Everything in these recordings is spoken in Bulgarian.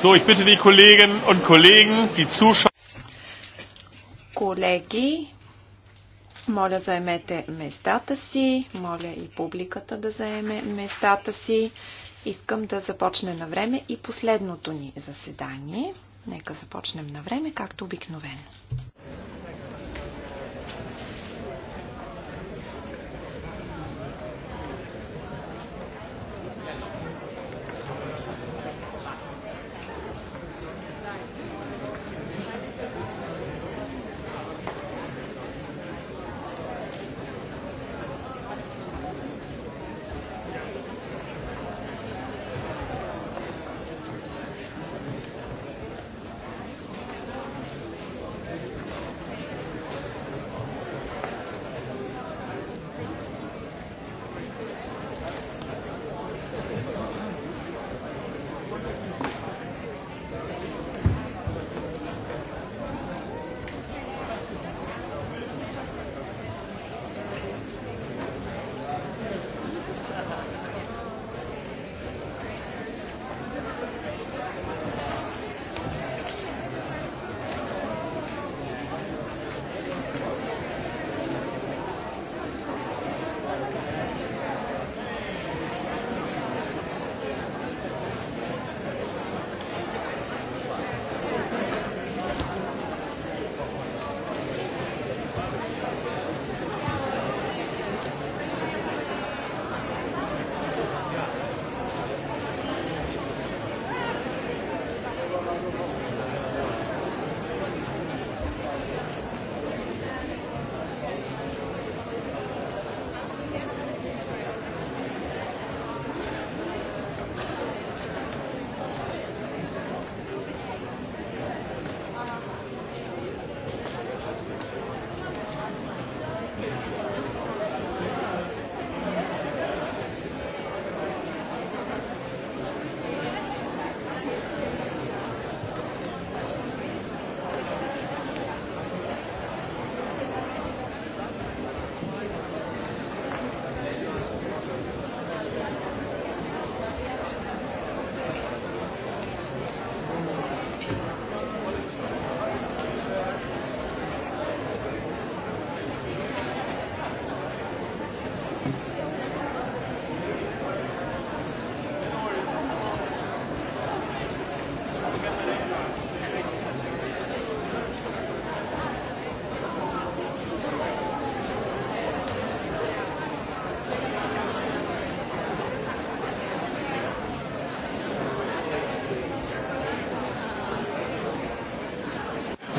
So, ich bitte die Kolleginnen und Kollegen, die Zuschauer. Колеги, моля заемете местата си, моля и публиката да заеме местата си. Искам да започне на време и последното ни заседание. Нека започнем на време, както обикновено.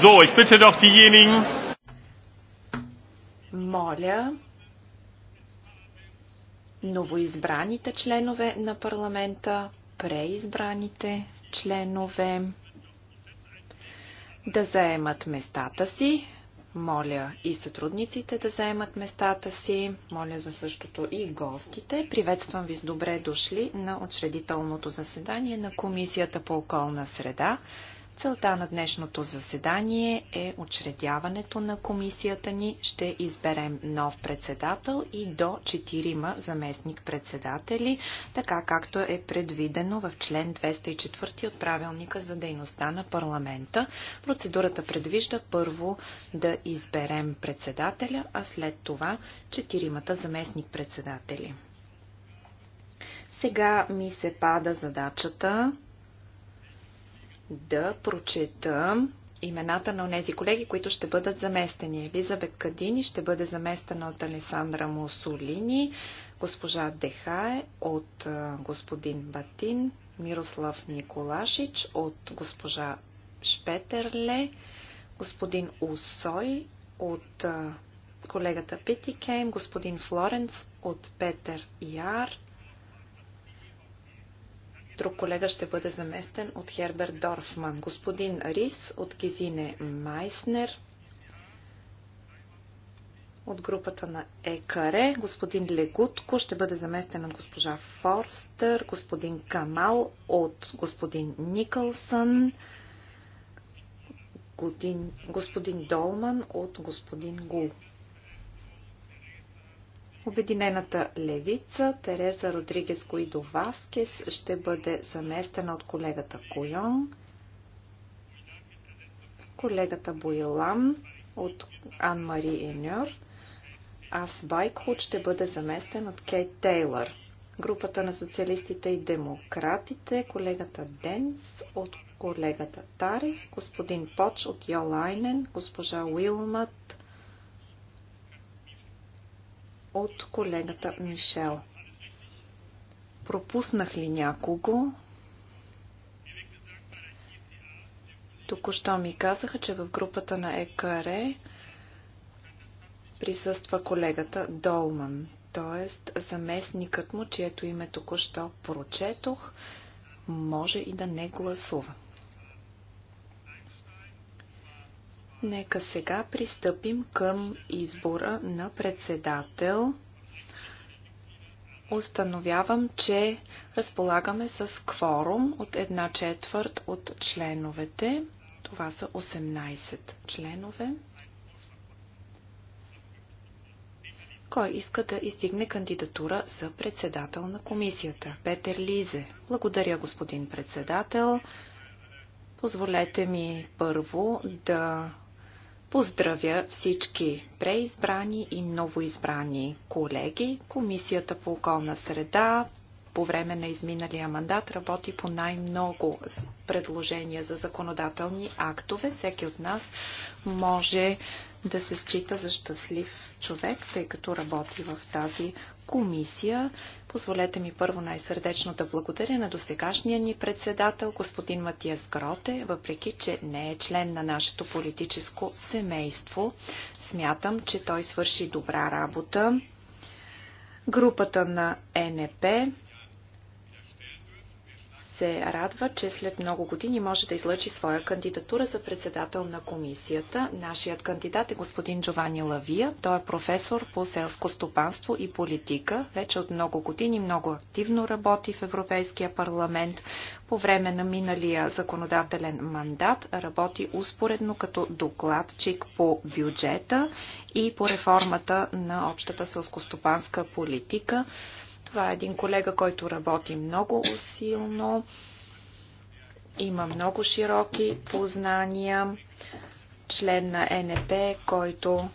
So, ich bitte doch diejenigen. Моля новоизбраните членове на парламента, преизбраните членове да заемат местата си. Моля и сътрудниците да заемат местата си. Моля за същото и гостите. Приветствам ви с добре дошли на учредителното заседание на Комисията по околна среда. Целта на днешното заседание е учредяването на комисията ни. Ще изберем нов председател и до 4 заместник-председатели, така както е предвидено в член 204 от правилника за дейността на парламента. Процедурата предвижда първо да изберем председателя, а след това 4 заместник-председатели. Сега ми се пада задачата да прочета имената на тези колеги, които ще бъдат заместени. Елизабет Кадини ще бъде заместена от Алесандра Мусолини, госпожа Дехае от господин Батин, Мирослав Николашич от госпожа Шпетерле, господин Усой от колегата Питикейм, господин Флоренц от Петър Яр, Друг колега ще бъде заместен от Херберт Дорфман. Господин Рис от Гезине Майснер. От групата на ЕКАРЕ. Господин Легутко ще бъде заместен от госпожа Форстър. Господин Камал от господин Никълсън. Господин Долман от господин Гул. Обединената левица Тереза Родригес Коидо Васкес ще бъде заместена от колегата Койон. Колегата Боилан от Ан-Мари Еньор. Аз Байкхуд ще бъде заместен от Кейт Тейлър. Групата на социалистите и демократите, колегата Денс от колегата Тарис, господин Поч от Йолайнен, госпожа Уилмат от колегата Мишел. Пропуснах ли някого? Току-що ми казаха, че в групата на ЕКР присъства колегата Долман, т.е. заместникът му, чието име току-що прочетох, може и да не гласува. Нека сега пристъпим към избора на председател. Установявам, че разполагаме с кворум от една четвърт от членовете. Това са 18 членове. Кой иска да издигне кандидатура за председател на комисията? Петър Лизе. Благодаря, господин председател. Позволете ми първо да Поздравя всички преизбрани и новоизбрани колеги. Комисията по околна среда по време на изминалия мандат работи по най-много предложения за законодателни актове. Всеки от нас може да се счита за щастлив човек, тъй като работи в тази комисия. Позволете ми първо най-сърдечно да благодаря на досегашния ни председател, господин Матиас Гроте, въпреки, че не е член на нашето политическо семейство. Смятам, че той свърши добра работа. Групата на НП се радва, че след много години може да излъчи своя кандидатура за председател на комисията. Нашият кандидат е господин Джовани Лавия. Той е професор по селско стопанство и политика. Вече от много години много активно работи в Европейския парламент. По време на миналия законодателен мандат работи успоредно като докладчик по бюджета и по реформата на общата селскостопанска политика. Това е един колега, който работи много усилно, има много широки познания, член на НП, който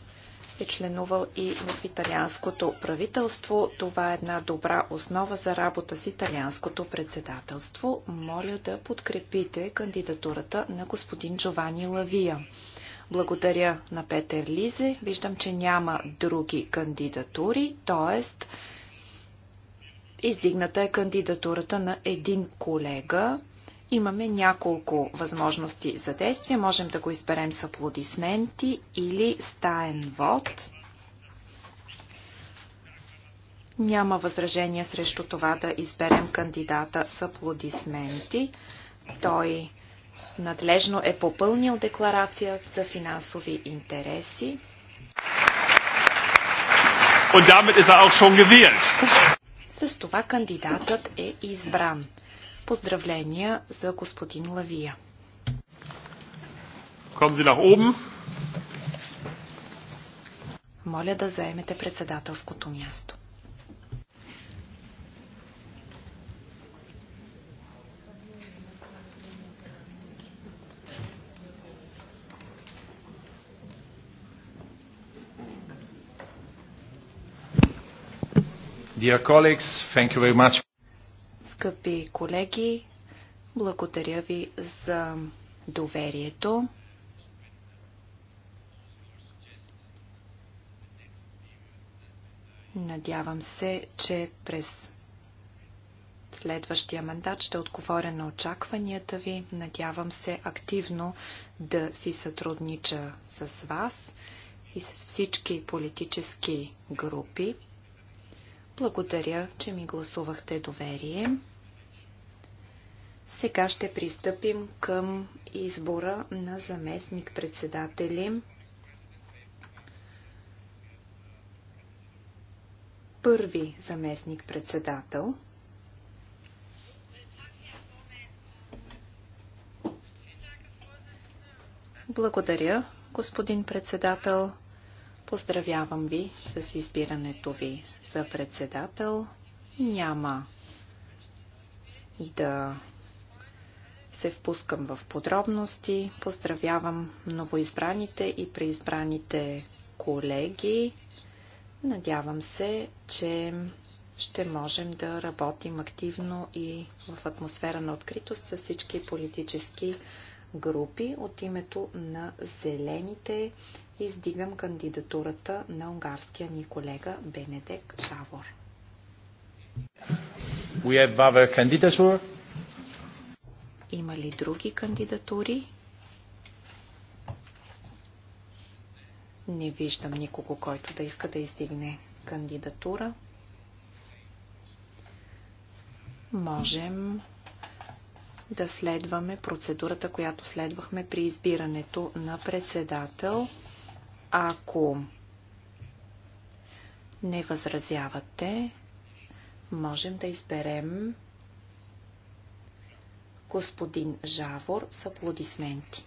е членувал и в италианското правителство. Това е една добра основа за работа с италианското председателство. Моля да подкрепите кандидатурата на господин Джовани Лавия. Благодаря на Петър Лизе. Виждам, че няма други кандидатури, т.е. Издигната е кандидатурата на един колега. Имаме няколко възможности за действие. Можем да го изберем с аплодисменти или стаен вод. Няма възражение срещу това да изберем кандидата с аплодисменти. Той надлежно е попълнил декларация за финансови интереси. Und damit ist er auch schon gewählt. С това кандидатът е избран. Поздравления за господин Лавия. Моля да заемете председателското място. Dear colleagues, thank you very much. Скъпи колеги, благодаря ви за доверието. Надявам се, че през следващия мандат ще отговоря на очакванията ви. Надявам се активно да си сътруднича с вас и с всички политически групи. Благодаря, че ми гласувахте доверие. Сега ще пристъпим към избора на заместник-председатели. Първи заместник-председател. Благодаря, господин председател. Поздравявам ви с избирането ви за председател. Няма да се впускам в подробности. Поздравявам новоизбраните и преизбраните колеги. Надявам се, че ще можем да работим активно и в атмосфера на откритост с всички политически групи. От името на Зелените издигам кандидатурата на унгарския ни колега Бенедек Шавор. We have other Има ли други кандидатури? Не виждам никого, който да иска да издигне кандидатура. Можем да следваме процедурата, която следвахме при избирането на председател. Ако не възразявате, можем да изберем господин Жавор с аплодисменти.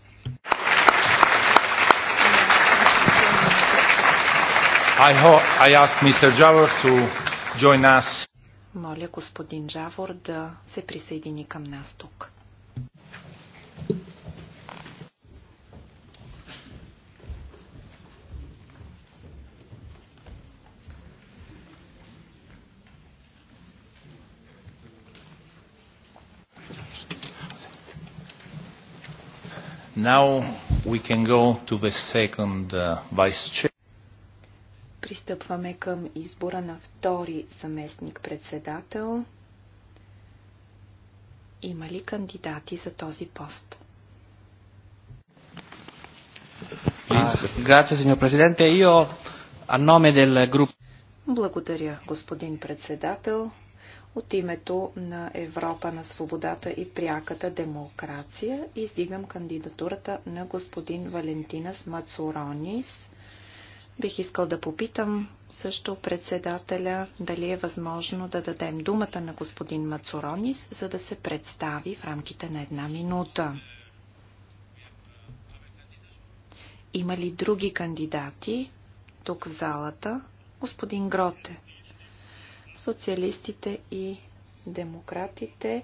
I, I ask Mr. Javor to join us. Моля господин Джавор да се присъедини към нас тук. Now we can go to the second uh, vice chair. Пристъпваме към избора на втори заместник-председател. Има ли кандидати за този пост? Благодаря, господин председател. От името на Европа на свободата и пряката демокрация издигам кандидатурата на господин Валентинас Мацуронис Бих искал да попитам също председателя дали е възможно да дадем думата на господин Мацуронис, за да се представи в рамките на една минута. Има ли други кандидати тук в залата? Господин Гроте. Социалистите и демократите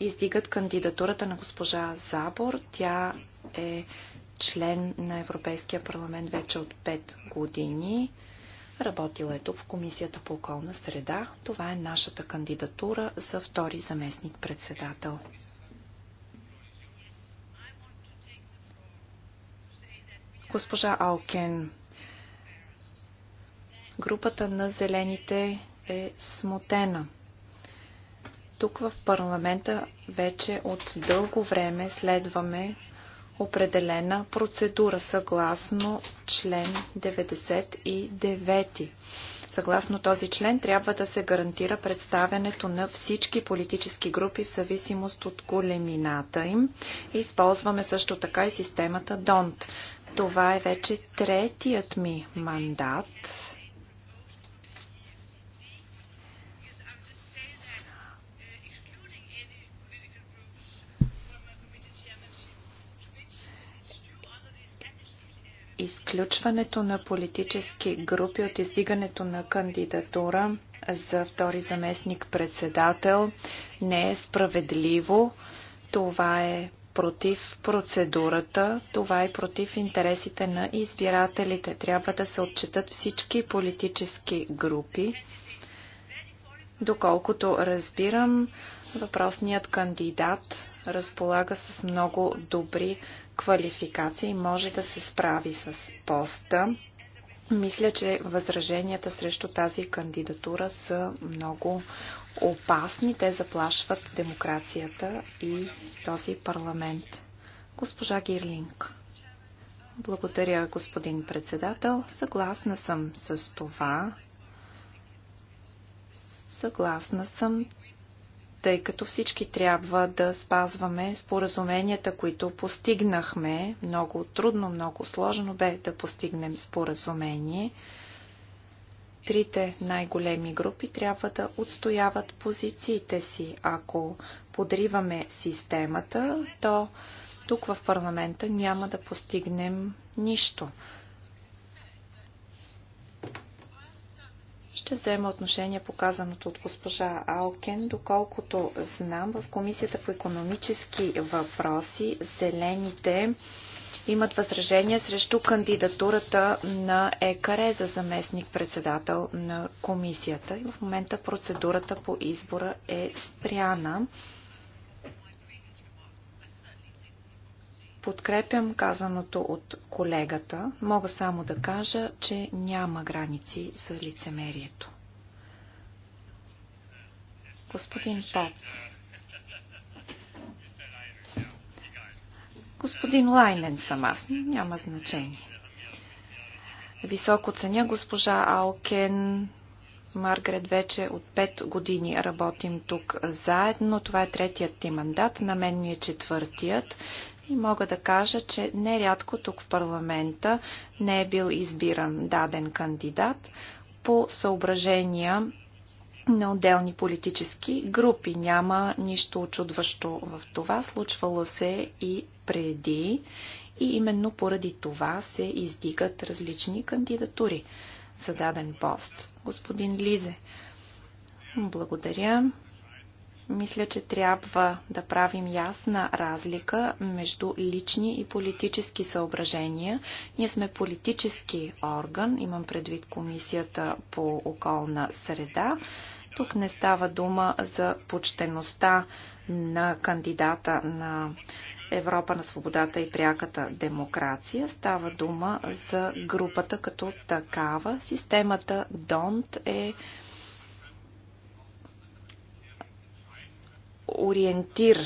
издигат кандидатурата на госпожа Забор. Тя е член на Европейския парламент вече от 5 години. Работила е тук в Комисията по околна среда. Това е нашата кандидатура за втори заместник председател. Госпожа Алкен, групата на зелените е смутена. Тук в парламента вече от дълго време следваме определена процедура съгласно член 99. Съгласно този член трябва да се гарантира представянето на всички политически групи в зависимост от големината им. Използваме също така и системата ДОНТ. Това е вече третият ми мандат Изключването на политически групи от издигането на кандидатура за втори заместник-председател не е справедливо. Това е против процедурата, това е против интересите на избирателите. Трябва да се отчитат всички политически групи. Доколкото разбирам, въпросният кандидат разполага с много добри квалификации, може да се справи с поста. Мисля, че възраженията срещу тази кандидатура са много опасни. Те заплашват демокрацията и този парламент. Госпожа Гирлинг. Благодаря, господин председател. Съгласна съм с това. Съгласна съм, тъй като всички трябва да спазваме споразуменията, които постигнахме. Много трудно, много сложно бе да постигнем споразумение. Трите най-големи групи трябва да отстояват позициите си. Ако подриваме системата, то тук в парламента няма да постигнем нищо. Ще взема отношение по казаното от госпожа Алкен. Доколкото знам, в Комисията по економически въпроси зелените имат възражение срещу кандидатурата на ЕКАРЕ за заместник-председател на комисията. И в момента процедурата по избора е спряна. Подкрепям казаното от колегата. Мога само да кажа, че няма граници за лицемерието. Господин Пац. Господин Лайнен съм аз. Няма значение. Високо ценя госпожа Алкен, Маргарет, вече от 5 години работим тук заедно. Това е третият ти мандат, на мен ми е четвъртият и мога да кажа, че нерядко тук в парламента не е бил избиран даден кандидат по съображения на отделни политически групи. Няма нищо очудващо в това. Случвало се и преди. И именно поради това се издигат различни кандидатури за даден пост. Господин Лизе, благодаря. Мисля, че трябва да правим ясна разлика между лични и политически съображения. Ние сме политически орган, имам предвид Комисията по околна среда. Тук не става дума за почтеността на кандидата на Европа на свободата и пряката демокрация. Става дума за групата като такава. Системата ДОНТ е ориентир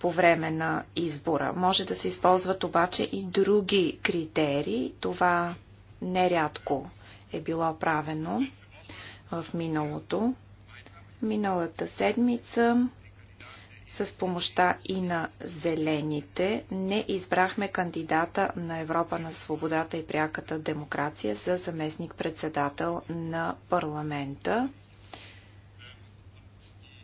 по време на избора. Може да се използват обаче и други критерии. Това нерядко е било правено в миналото. Миналата седмица с помощта и на зелените не избрахме кандидата на Европа на свободата и пряката демокрация за заместник-председател на парламента.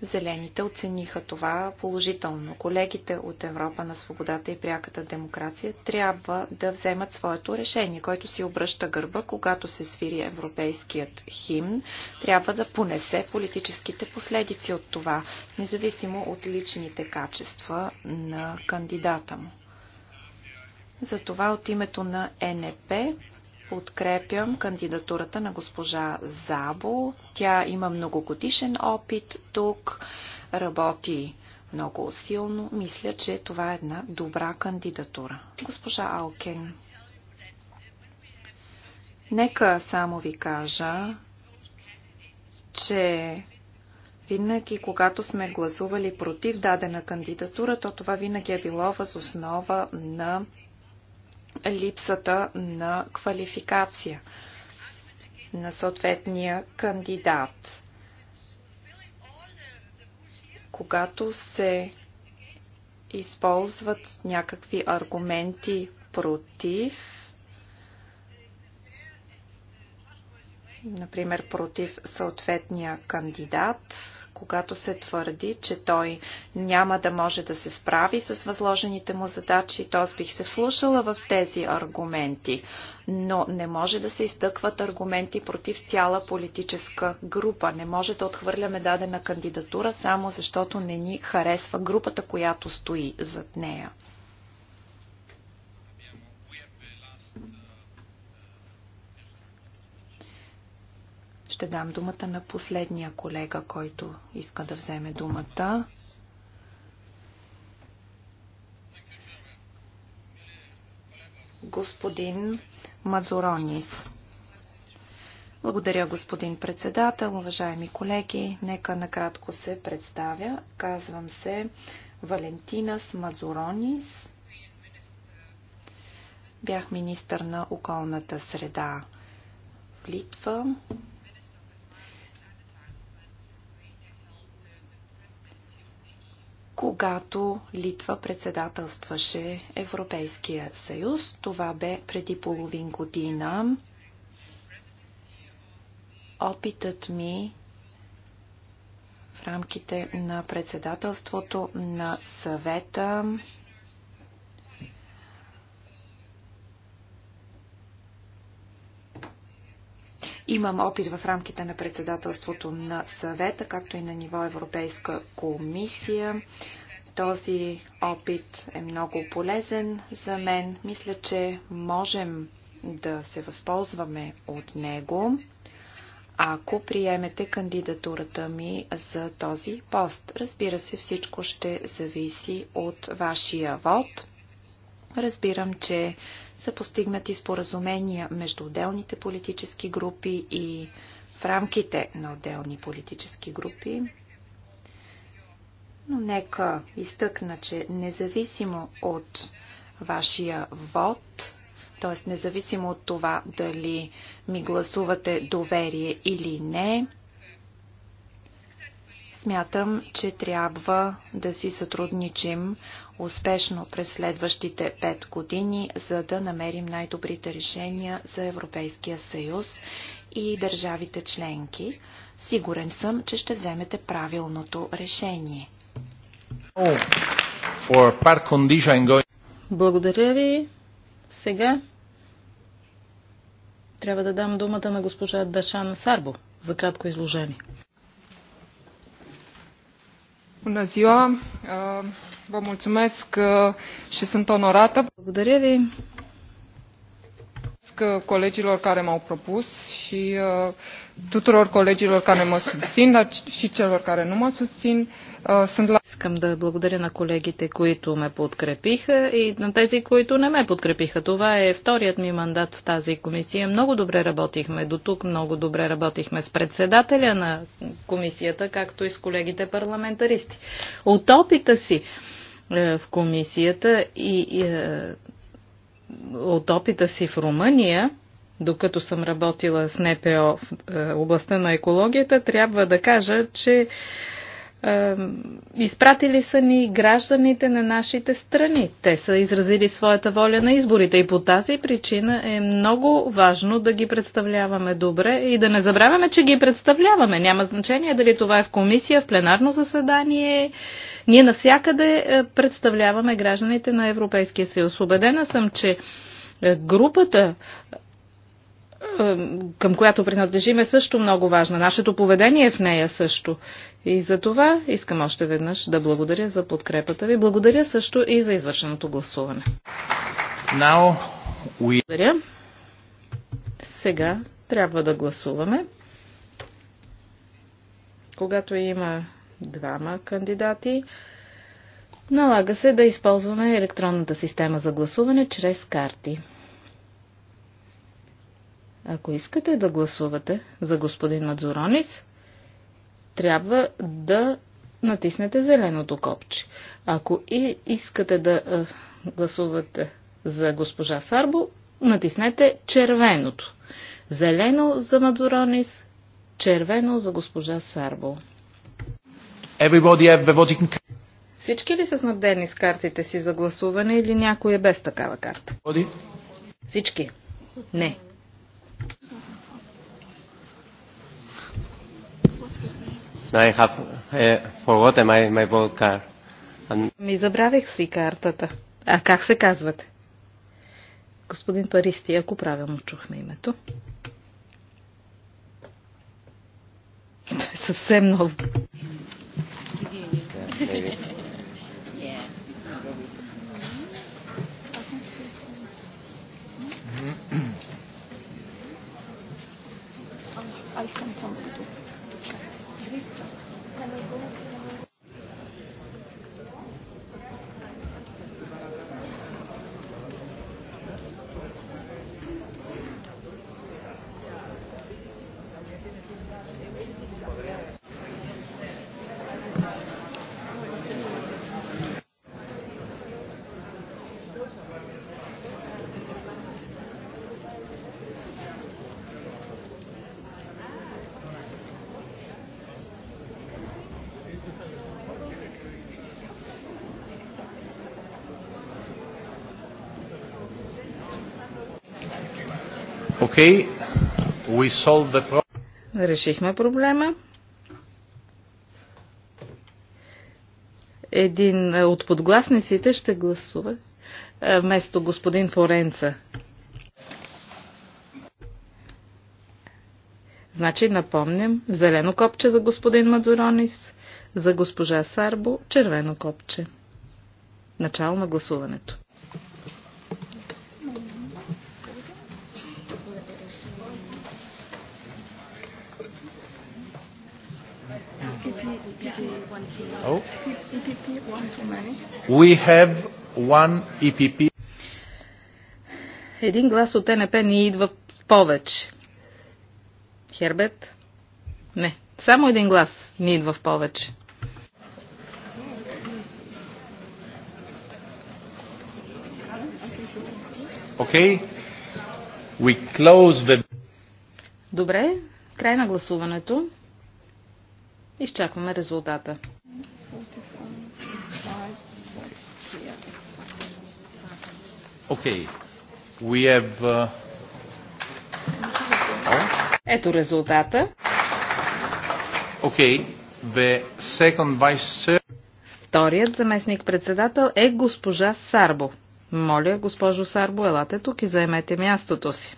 Зелените оцениха това положително. Колегите от Европа на свободата и пряката демокрация трябва да вземат своето решение, който си обръща гърба, когато се свири европейският химн, трябва да понесе политическите последици от това, независимо от личните качества на кандидата му. Затова от името на НП подкрепям кандидатурата на госпожа Забо. Тя има многогодишен опит тук, работи много силно. Мисля, че това е една добра кандидатура. Госпожа Алкен. Нека само ви кажа, че винаги, когато сме гласували против дадена кандидатура, то това винаги е било възоснова на липсата на квалификация на съответния кандидат. Когато се използват някакви аргументи против, например против съответния кандидат, когато се твърди, че той няма да може да се справи с възложените му задачи, то аз бих се вслушала в тези аргументи. Но не може да се изтъкват аргументи против цяла политическа група. Не може да отхвърляме дадена кандидатура само защото не ни харесва групата, която стои зад нея. Ще дам думата на последния колега, който иска да вземе думата. Господин Мазуронис. Благодаря, господин председател, уважаеми колеги. Нека накратко се представя. Казвам се Валентинас Мазуронис. Бях министър на околната среда в Литва. когато Литва председателстваше Европейския съюз. Това бе преди половин година. Опитът ми в рамките на председателството на съвета Имам опит в рамките на председателството на съвета, както и на ниво Европейска комисия. Този опит е много полезен за мен. Мисля, че можем да се възползваме от него, ако приемете кандидатурата ми за този пост. Разбира се, всичко ще зависи от вашия вод. Разбирам, че са постигнати споразумения между отделните политически групи и в рамките на отделни политически групи. Но нека изтъкна, че независимо от вашия вод, т.е. независимо от това дали ми гласувате доверие или не, смятам, че трябва да си сътрудничим успешно през следващите пет години, за да намерим най-добрите решения за Европейския съюз и държавите членки. Сигурен съм, че ще вземете правилното решение. Благодаря ви. Сега трябва да дам думата на госпожа Дашан Сарбо за кратко изложение. Bună ziua! Vă mulțumesc și sunt onorată. Благодаря ви mulțumesc uh, colegilor care m-au propus și uh, tuturor colegilor care mă susțin, dar și celor care nu mă susțin. Uh, sunt la... Искам да благодаря на колегите, които ме подкрепиха и на тези, които не ме подкрепиха. Това е вторият ми мандат в тази комисия. Много добре работихме до тук, много добре работихме с председателя на комисията, както и с колегите парламентаристи. От опита си е, в комисията и е, от опита си в Румъния, докато съм работила с НПО в е, областта на екологията, трябва да кажа, че изпратили са ни гражданите на нашите страни. Те са изразили своята воля на изборите и по тази причина е много важно да ги представляваме добре и да не забравяме, че ги представляваме. Няма значение дали това е в комисия, в пленарно заседание. Ние навсякъде е, представляваме гражданите на Европейския съюз. Убедена съм, че е, групата към която принадлежим, е също много важна. Нашето поведение в нея също. И за това искам още веднъж да благодаря за подкрепата ви. Благодаря също и за извършеното гласуване. Благодаря. Сега трябва да гласуваме. Когато има двама кандидати, налага се да използваме електронната система за гласуване чрез карти. Ако искате да гласувате за господин Мадзуронис, трябва да натиснете зеленото копче. Ако и искате да а, е, гласувате за госпожа Сарбо, натиснете червеното. Зелено за Мадзуронис, червено за госпожа Сарбо. Всички ли са снабдени с картите си за гласуване или някой е без такава карта? Всички. Не. I have uh, forgotten my, my vote card. And... Ми забравих си картата. А как се казвате? Господин Паристи, ако правилно чухме името. То е съвсем ново. I Okay. We solved the problem. Решихме проблема. Един е, от подгласниците ще гласува е, вместо господин Форенца. Значи напомням, зелено копче за господин Мазуронис, за госпожа Сарбо, червено копче. Начало на гласуването. Oh. EPP, one too many. We have one EPP. Един глас от НП ни идва повече. Хербет? Не. Само един глас ни идва в повече. Okay. We close the... Добре, край на гласуването. Изчакваме резултата. Okay. We have, uh... Oh. Ето резултата. Okay. The second vice Вторият заместник-председател е госпожа Сарбо. Моля, госпожо Сарбо, елате тук и заемете мястото си.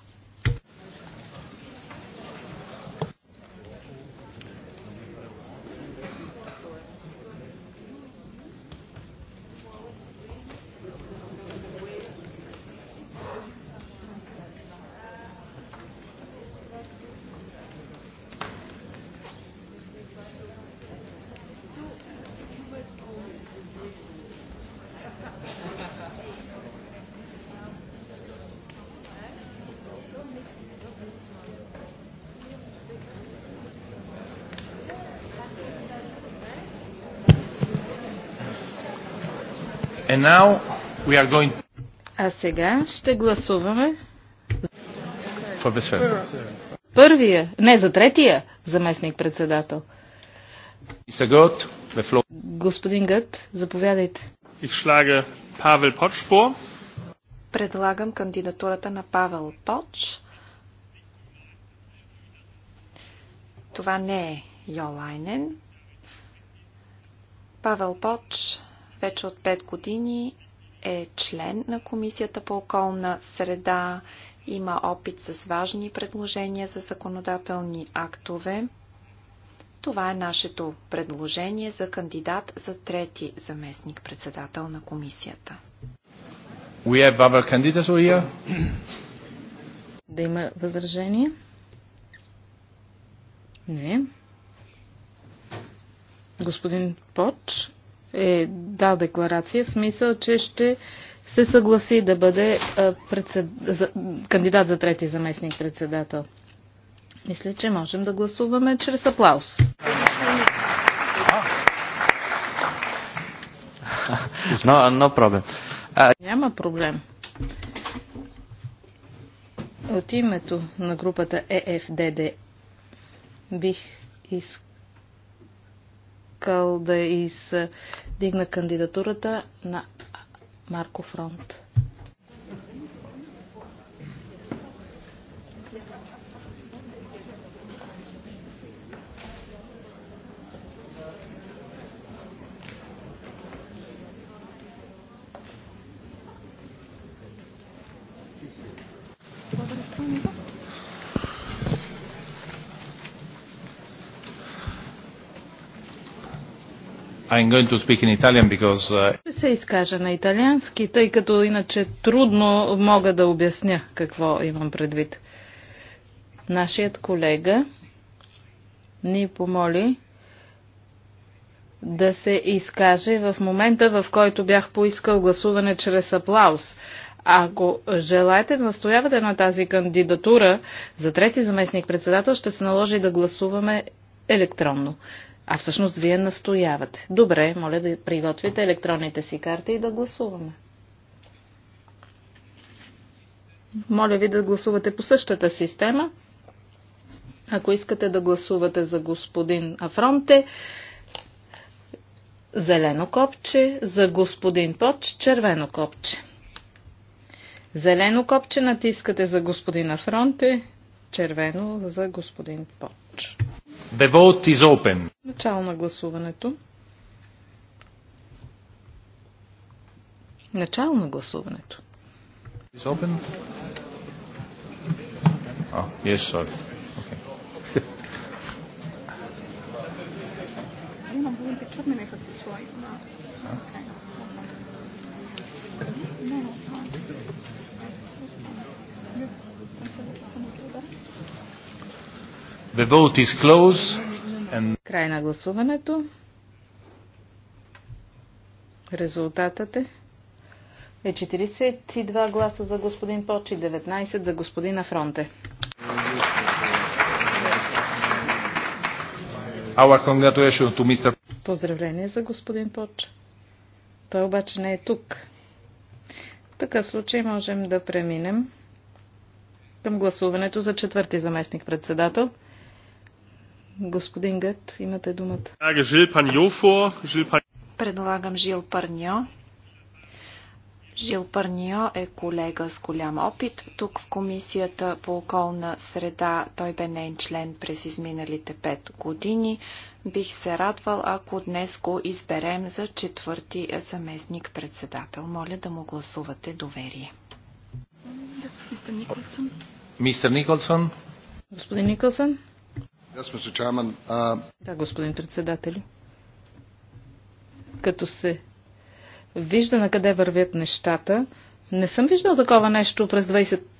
going... А сега ще гласуваме първия, не за третия заместник председател. Господин Гът, заповядайте. Предлагам кандидатурата на Павел Поч. Това не е Йолайнен. Павел Поч вече от 5 години е член на Комисията по околна среда, има опит с важни предложения за законодателни актове. Това е нашето предложение за кандидат за трети заместник председател на комисията. We have other candidates here. Да има възражение? Не. Господин Поч, е дал декларация в смисъл, че ще се съгласи да бъде председ... за... кандидат за трети заместник председател. Мисля, че можем да гласуваме чрез аплаус. Но, но проблем. Няма проблем. От името на групата EFDD бих искал искал да издигна кандидатурата на Марко Фронт. I'm going to speak in Italian because... Uh... Се изкажа на италиански, тъй като иначе трудно мога да обясня какво имам предвид. Нашият колега ни помоли да се изкаже в момента, в който бях поискал гласуване чрез аплауз. Ако желаете да настоявате на тази кандидатура за трети заместник председател, ще се наложи да гласуваме електронно. А всъщност вие настоявате. Добре, моля да приготвите електронните си карти и да гласуваме. Моля ви да гласувате по същата система. Ако искате да гласувате за господин Афронте, зелено копче, за господин Поч, червено копче. Зелено копче натискате за господин Афронте, червено за господин Поч. The vote is open. Начало на гласуването. Начало на гласуването. It's open. Oh, yes, sorry. Okay. Имам The vote is closed. And... Край на гласуването. Резултатът е е 42 гласа за господин Поч и 19 за господина Фронте. Поздравление за господин Поч. Той обаче не е тук. В такъв случай можем да преминем към гласуването за четвърти заместник председател. Господин Гът, имате думата. Предлагам Жил Парньо. Жил Парньо е колега с голям опит. Тук в Комисията по околна среда той бе нейн член през изминалите пет години. Бих се радвал, ако днес го изберем за четвърти заместник-председател. Моля да му гласувате доверие. Мистер Николсон. Господин Николсон. Uh, да, господин председател. Като се вижда на къде вървят нещата, не съм виждал такова нещо през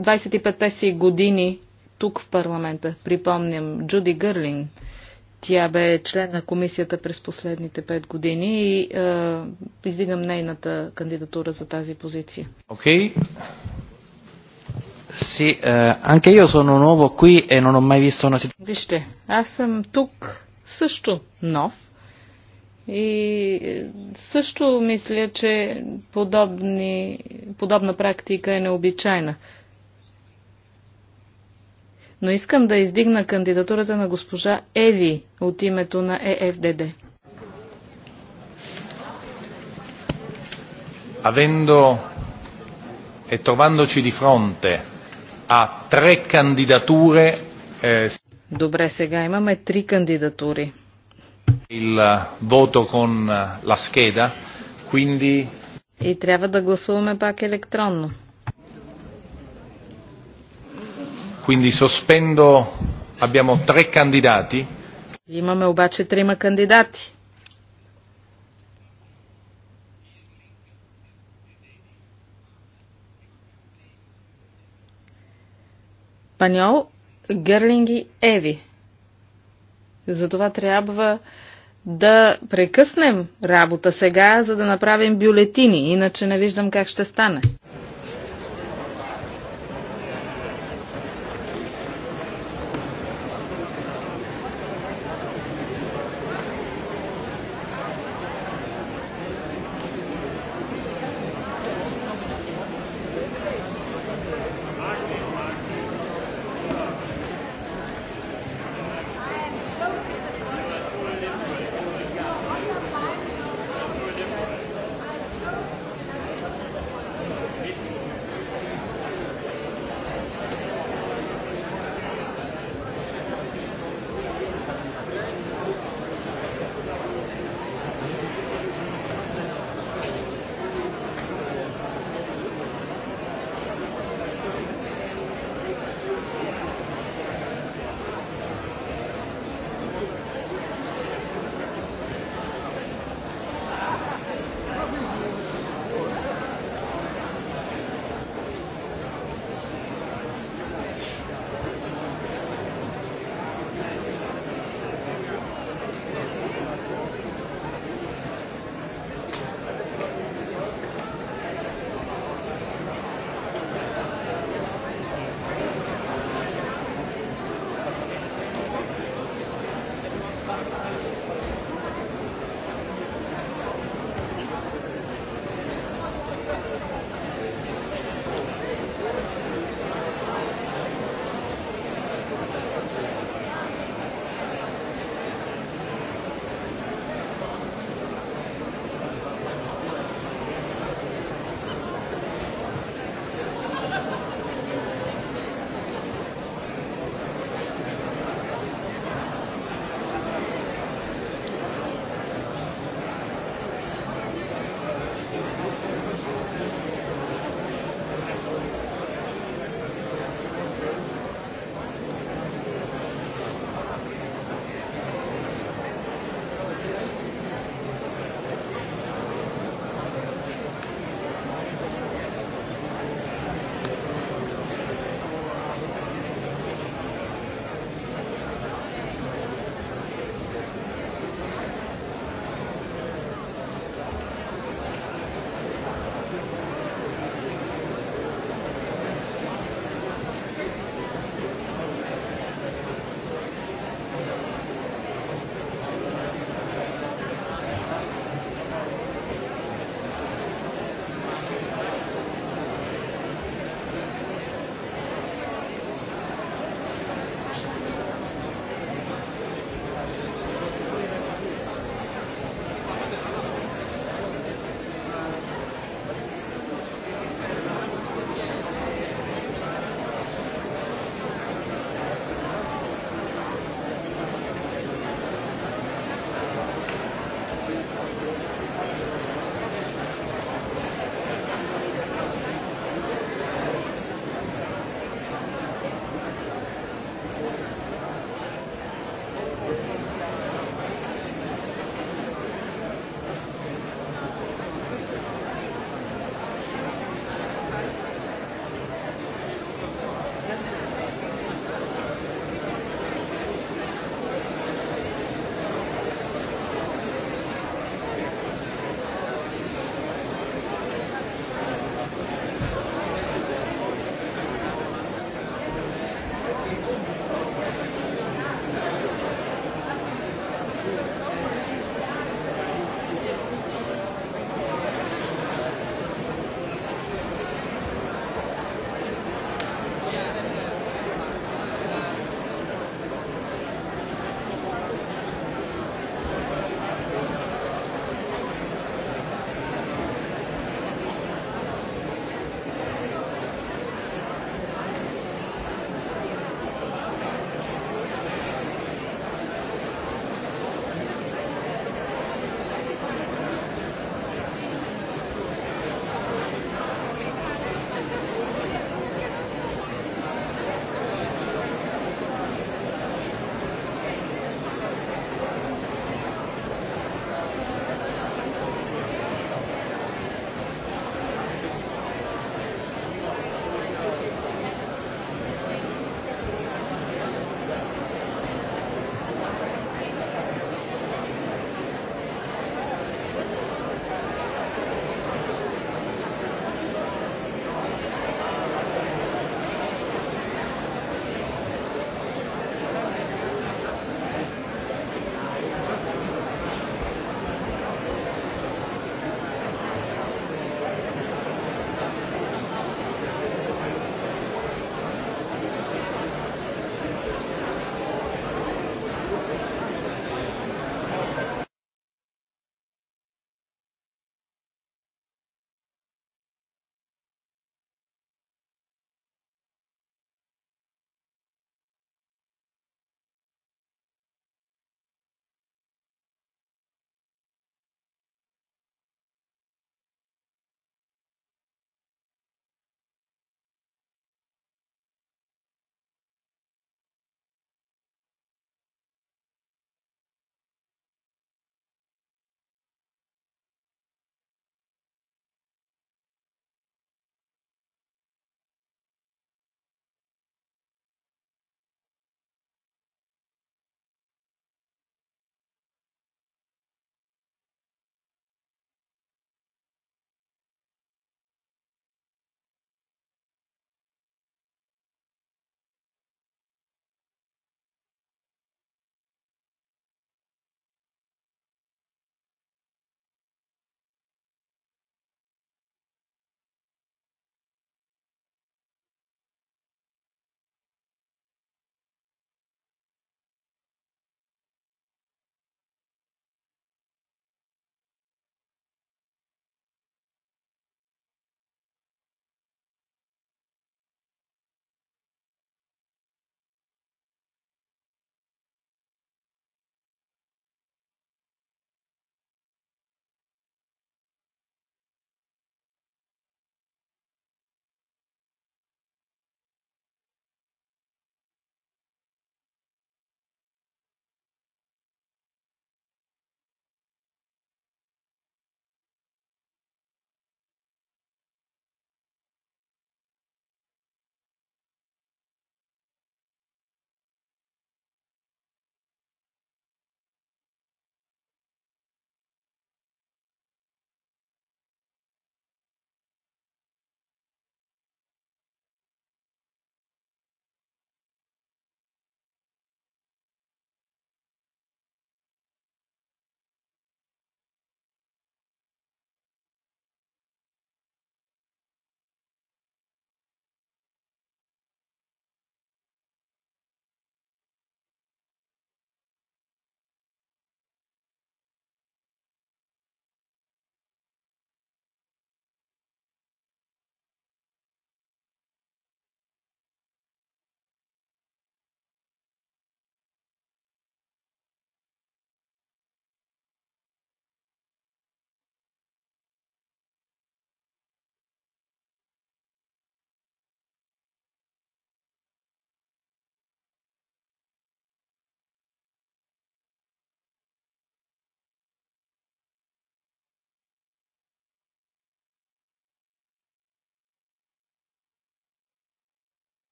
25-те си години тук в парламента. Припомням Джуди Гърлин. Тя бе член на комисията през последните пет години и е, издигам нейната кандидатура за тази позиция. Okay. Sì, eh, anche io sono nuovo qui e non ho mai visto una situazione. Вижте, аз съм тук също нов и е, също мисля, че подобни, подобна практика е необичайна. Но искам да издигна кандидатурата на госпожа Еви от името на ЕФДД. Avendo e trovandoci di fronte а три кандидатури. Е, Добре, сега имаме три кандидатури. Il е, voto con е, la scheda, quindi... И трябва да гласуваме пак електронно. Quindi sospendo, abbiamo tre candidati. Имаме обаче трима кандидати. Паньол, Герлинги Еви. Затова трябва да прекъснем работа сега, за да направим бюлетини, иначе не виждам как ще стане.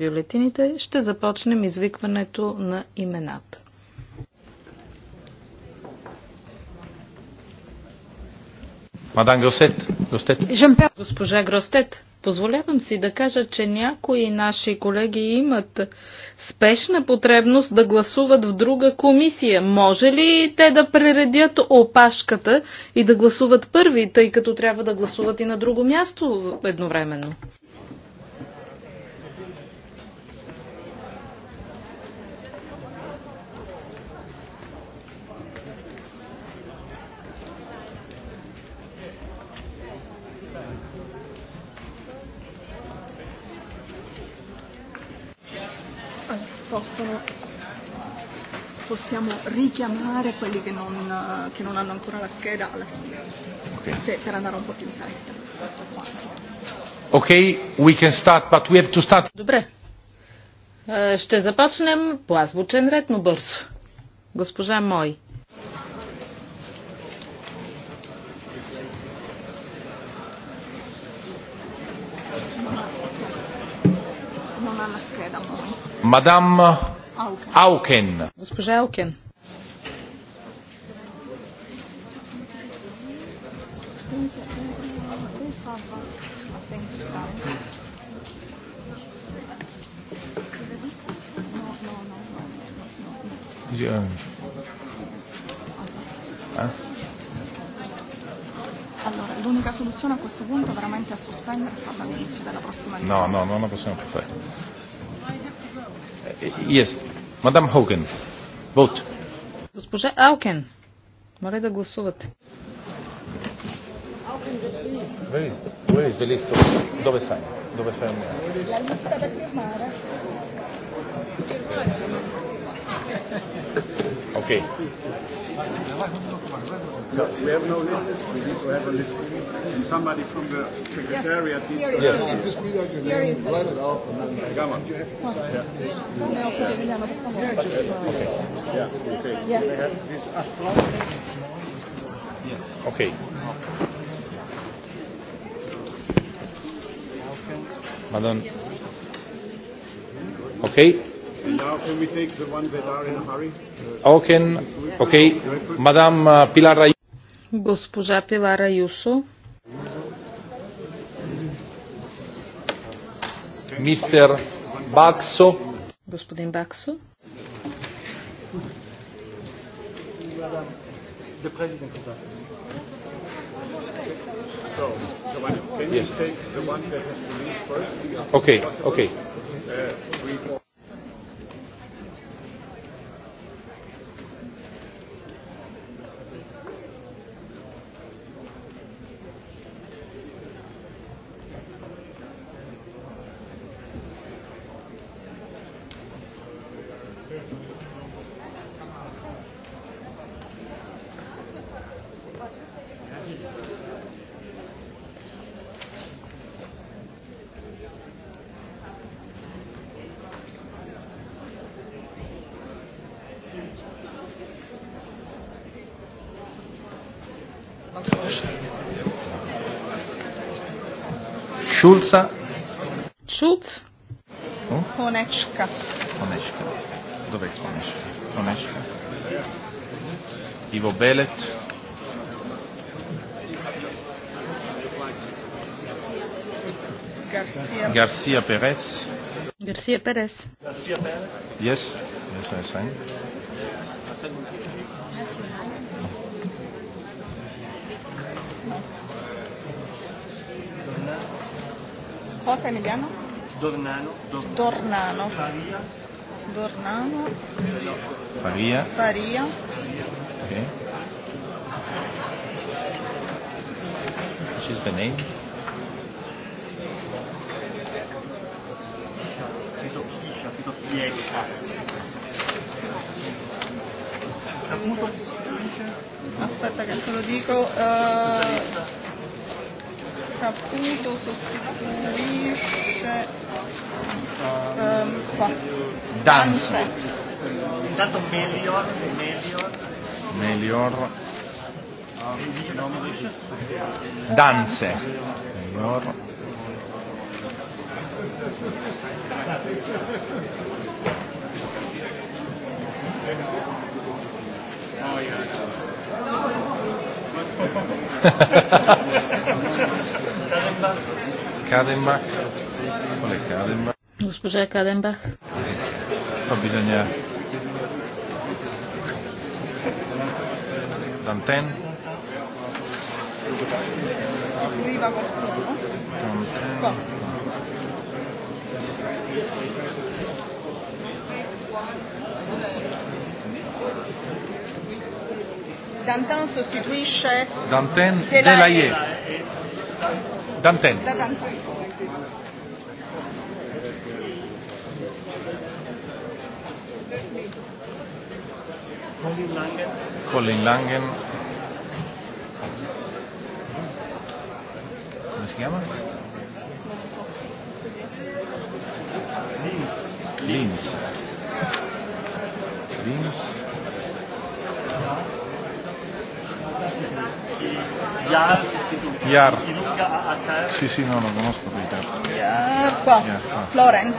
бюлетините, ще започнем извикването на имената. Мадам Гростет. Гростет. Госпожа Гростет, позволявам си да кажа, че някои наши колеги имат спешна потребност да гласуват в друга комисия. Може ли те да прередят опашката и да гласуват първи, тъй като трябва да гласуват и на друго място едновременно? possiamo richiamare quelli che non, che non hanno ancora la scheda alla fine, okay. se, per andare un po' più in fretta. Questo Okay, we can start, but we have to start. Добре. Ще започнем по азбучен ред, но бързо. Госпожа Мой. Мадам Аукен. Госпожа Аукен. Allora, l'unica soluzione a questo punto veramente a sospendere e farla all'inizio della prossima riunione. No, no, non la possiamo più fare. Yes. Мадам Хоукен. Vote. Госпожа Алкен, моля да гласувате. Where is, where is the list of... Dove sai? Dove sai? La lista da firmare. Ok we have no list. We need to have a list. And somebody from the secretariat yes. needs to yes. Just read out your name, write it off, and then Come on. you have to sign yeah. this. Yeah, just okay. Yeah, okay. Yeah. Okay. we have this Yes. Okay. Madam. Okay. now can we take the ones that are in a hurry? Okay. Okay. Madam Pilar Госпожа Пилара Юсо. Мистер Баксо. Господин Баксо. The president of us. So, the one, can yes. you take the one that has to leave first? Okay, okay. Uh, three, four. Schulza. Schulz. Konečka. Konečka. Oneczka. Dov'è Konečka? Oneczka. Ivo Belet. Garcia. Garcia Perez. Garcia Perez. Garcia Perez. Yes. Yes, I sign. José Emiliano? Dornano. Dornano. Faria. Dornano. Faria. Faria. Okay. Which is the name? Aspetta che te lo dico. Uh, capito sostituisce um, qua. Danza. Intanto Melior, Melior. Melior. Danze. Melior. Oh, yeah. Каденбах. Оле, Каденбах. Госпожа Каденбах. Обидания. Тантен. Тантен. Dantin sostituisce Dantin Delaye. Delaye. Danten. Colin Langen. Colin Langen. ¿Cómo se llama? Lins. Lins. Lins. Yar. Yar. Sí, sì, no, lo conozco. Yar Yar qua. Florence.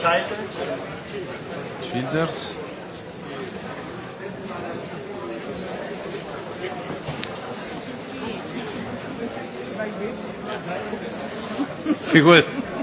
Childers. Childers.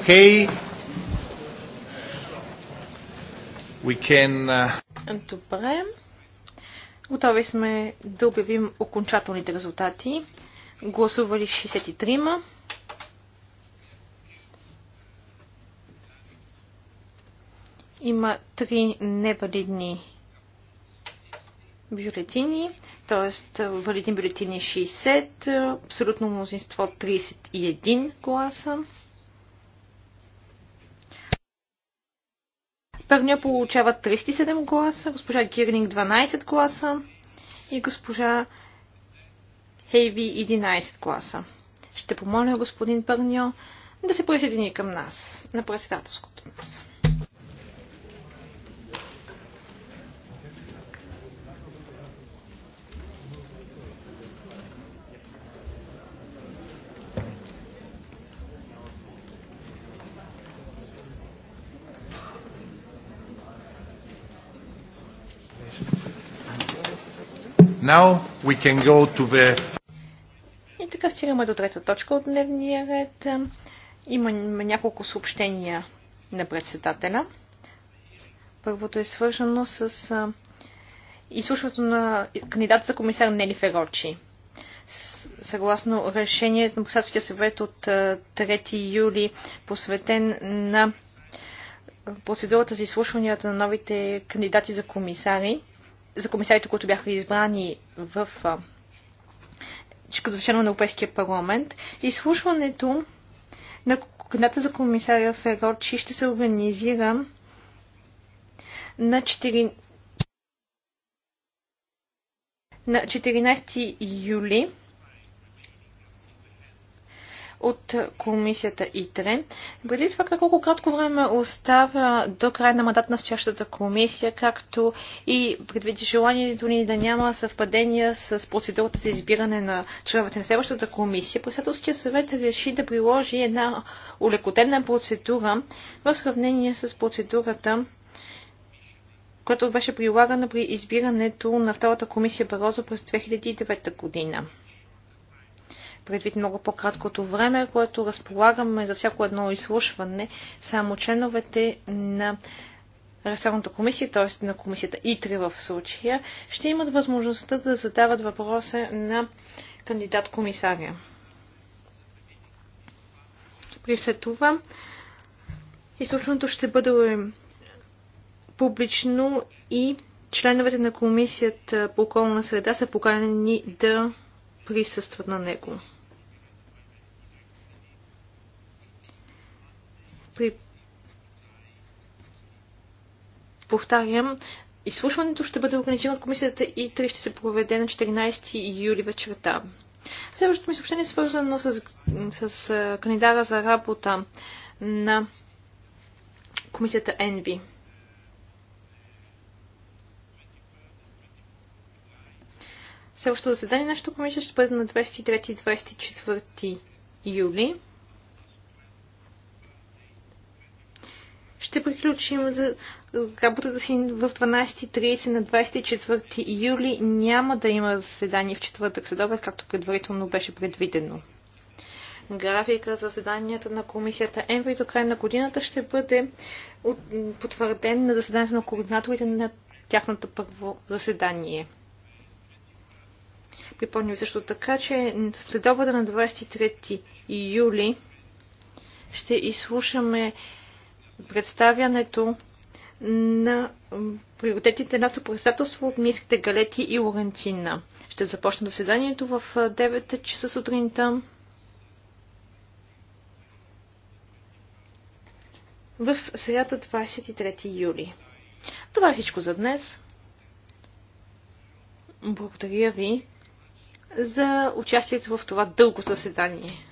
Okay. We can... Uh, Добре. Готови сме да обявим окончателните резултати. Гласували 63-ма. Има три невалидни бюлетини, т.е. валидни бюлетини 60, е, абсолютно мнозинство 31 гласа. Бърня получава 37 гласа, госпожа Гирнинг 12 гласа и госпожа Хейви 11 гласа. Ще помоля господин Пърньо да се присъедини към нас на председателското нас. Now we can go to the... И така стигаме до трета точка от дневния ред. Има няколко съобщения на председателя. Първото е свързано с изслушването на кандидата за комисар Нели Ферочи. Съгласно решението на Посадския съвет от 3 юли, посветен на процедурата за изслушванията на новите кандидати за комисари, за комисарите, които бяха избрани в като членове на Европейския парламент. Изслушването на кандидата за комисаря Ферочи ще се организира на 4 на 14 юли от комисията ИТРЕ. Преди това колко кратко време остава до края на мандат на стоящата комисия, както и предвиди желанието ни да няма съвпадения с процедурата за избиране на членовете на следващата комисия, председателския съвет реши да приложи една улекотена процедура в сравнение с процедурата която беше прилагана при избирането на втората комисия Барозо през 2009 година предвид много по-краткото време, което разполагаме за всяко едно изслушване, само членовете на ресорната комисия, т.е. на комисията ИТРИ в случая, ще имат възможността да задават въпроса на кандидат-комисаря. При все това, изслушването ще бъде публично и членовете на комисията по околна среда са поканени да присъстват на него. при... повтарям, изслушването ще бъде организирано от комисията и 3 ще се проведе на 14 юли вечерта. Следващото ми съобщение е свързано с, с кандидата за работа на комисията ЕНВИ. Следващото заседание на нашата комисия ще бъде на 23 24 юли. Ще приключим за работата си в 12.30 на 24 юли. Няма да има заседание в четвъртък следобед, както предварително беше предвидено. Графика за заседанията на комисията Енври до края на годината ще бъде потвърден на заседанието на координаторите на тяхната първо заседание. Припомням също така, че след на 23 юли ще изслушаме представянето на приоритетите на председателство от Минските галети и Лоренцина. Ще започна заседанието в 9 часа сутринта. в средата 23 юли. Това е всичко за днес. Благодаря ви за участието в това дълго заседание.